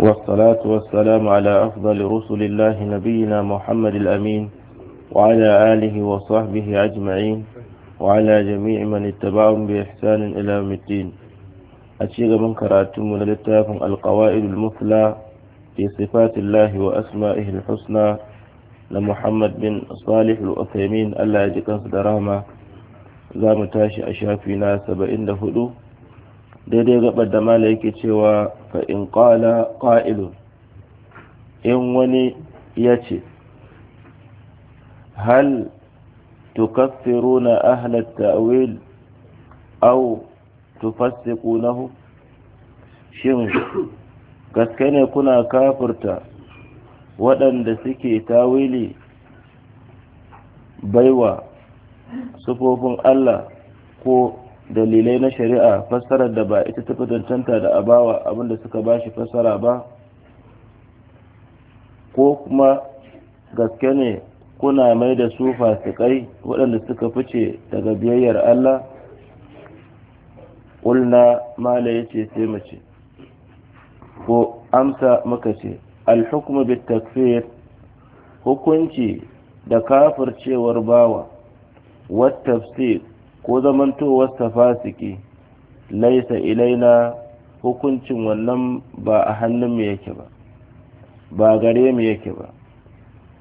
والصلاة والسلام على أفضل رسل الله نبينا محمد الأمين وعلى آله وصحبه أجمعين وعلى جميع من اتبعهم بإحسان إلى يوم الدين أشيغ من كراتم للتاف القوائد المثلى في صفات الله وأسمائه الحسنى لمحمد بن صالح الأثيمين ألا يجكن صدرهما زام تاشي أشافينا سبعين دهدو daidai gabar da mala yake cewa in ƙala ƙa'ilun in wani ya ce hal tukaffiruna ahlat ta'wil aw tufassiqunahu shin gaske ne kuna kafirta waɗanda suke tawili baiwa sufofin Allah ko dalilai na shari'a fassarar da ba ita tafi cancanta da abawa abinda suka ba shi fassara ba ko kuma gaske ne kuna mai da su fasikai waɗanda suka fice daga biyayyar Allah ƙulna mala ya ce sai mace ko amsa muka ce alhukumu bi takfir hukunci da kafircewar bawa wa tafsir ko zamantowar fasiki laisa ilaina hukuncin wannan ba a hannun mu yake ba ba gare mu yake ba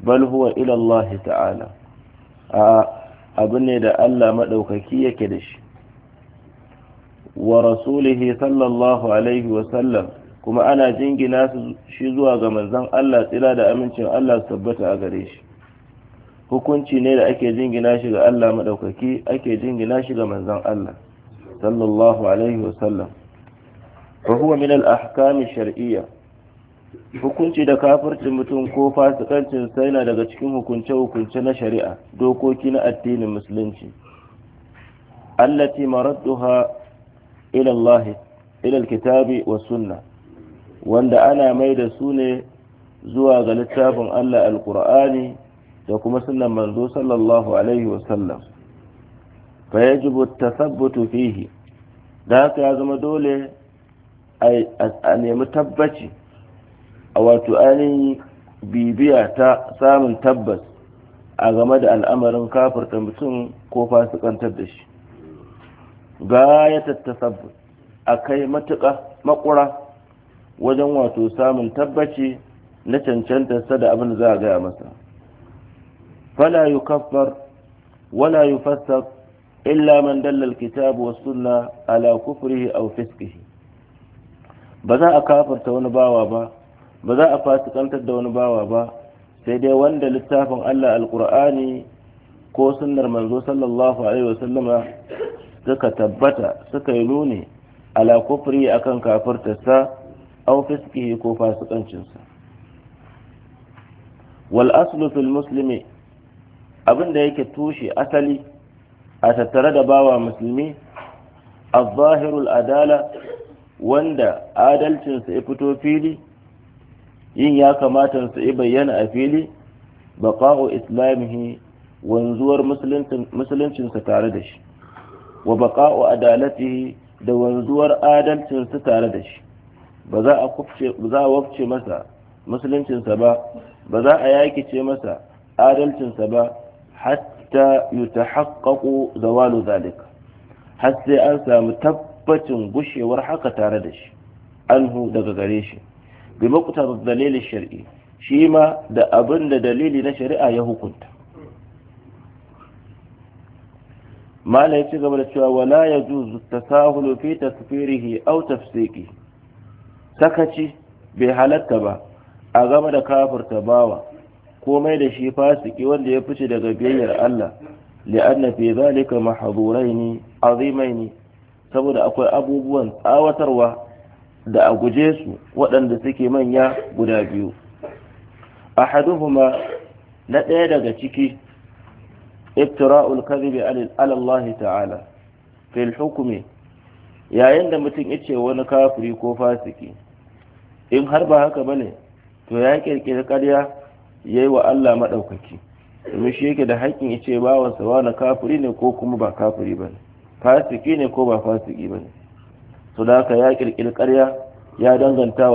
bal huwa ila Allah ta'ala a abu ne da Allah maɗaukaki yake da shi wa rasulihi sallallahu alaihi wa sallam kuma ana jingina shi zuwa ga manzon Allah tsira da amincin Allah tabbata a gare shi hukunci ne da ake jingina shi ga Allah maɗaukaki ake jingina shi ga manzon Allah sallallahu alaihi wasallam fa huwa min al-ahkam shar'iyya hukunci da kafircin mutum ko fasikancin sai na daga cikin hukunce-hukunce na shari'a dokoki na addinin musulunci allati maradduha ila Allah ila al-kitabi wa sunna wanda ana mai da su ne zuwa ga littafin Allah al-Qur'ani da kuma sunan manzo sallallahu alaihi wasallam fa yajibu tathabbutu fihi da haka ya zama dole a nemi tabbaci a wato ainihin bibiya ta samun tabbas a game da al'amarin kafirta mutum ko fasikantar da shi ya tasabbut a kai matuƙa makura wajen wato samun tabbaci na cancantarsa da abin da za a gaya masa فلا يكفر ولا يفسق إلا من دل الكتاب والسنة على كفره أو فسقه بذا أكافر تون باوابا بذا أفاتق أنت دون باوابا سيدي وند للتافن ألا القرآن ko sunnar manzo sallallahu alaihi wasallama suka tabbata suka yi nuni ala kufri akan kafirtarsa aw fiskihi ko fasikancinsa wal aslu muslimi abin da yake tushe asali a tattare da bawa musulmi al-zahirul adala wanda adalcinsa ya fito fili yin ya kamata su yi bayyana a fili baqa'u islamihi wanzuwar musuluncinsa tare da shi wa baqa'u adalatihi da wanzuwar adalcinsa tare da shi ba za a wafce masa musuluncinsa ba ba za a yakice masa adalcinsa ba hatta yu yutahaqqaqu zawalu zalika har sai an sami tabbacin gushewar haka tare da shi anhu daga gare shi bi makuta dalilin shari'i shi ma da abin da dalili na shari'a ya hukunta mala ya ci gaba da cewa wala ya juzu tasahulu fi tasfirihi aw tafsiqi sakaci bai halarta ba a game da kafirta bawa komai da shi fasiki wanda ya fice daga biyayyar Allah li'anna fi zalika mahdhuraini azimaini saboda akwai abubuwan tsawatarwa da a guje su waɗanda suke manya guda biyu ahaduhuma na ɗaya daga ciki iftira'ul kadhibi ala ta'ala fil hukmi yayin da mutum yace ce wani kafiri ko fasiki in har ba haka bane to ya kirkiri ƙarya yayi wa Allah maɗaukaki domin shi yake da haƙin ya ce bawansa wani kafiri ne ko kuma ba kafiri ba ne fasiki ne ko ba fasiki ba ne sudaka ya ƙirƙiri ƙarya ya danganta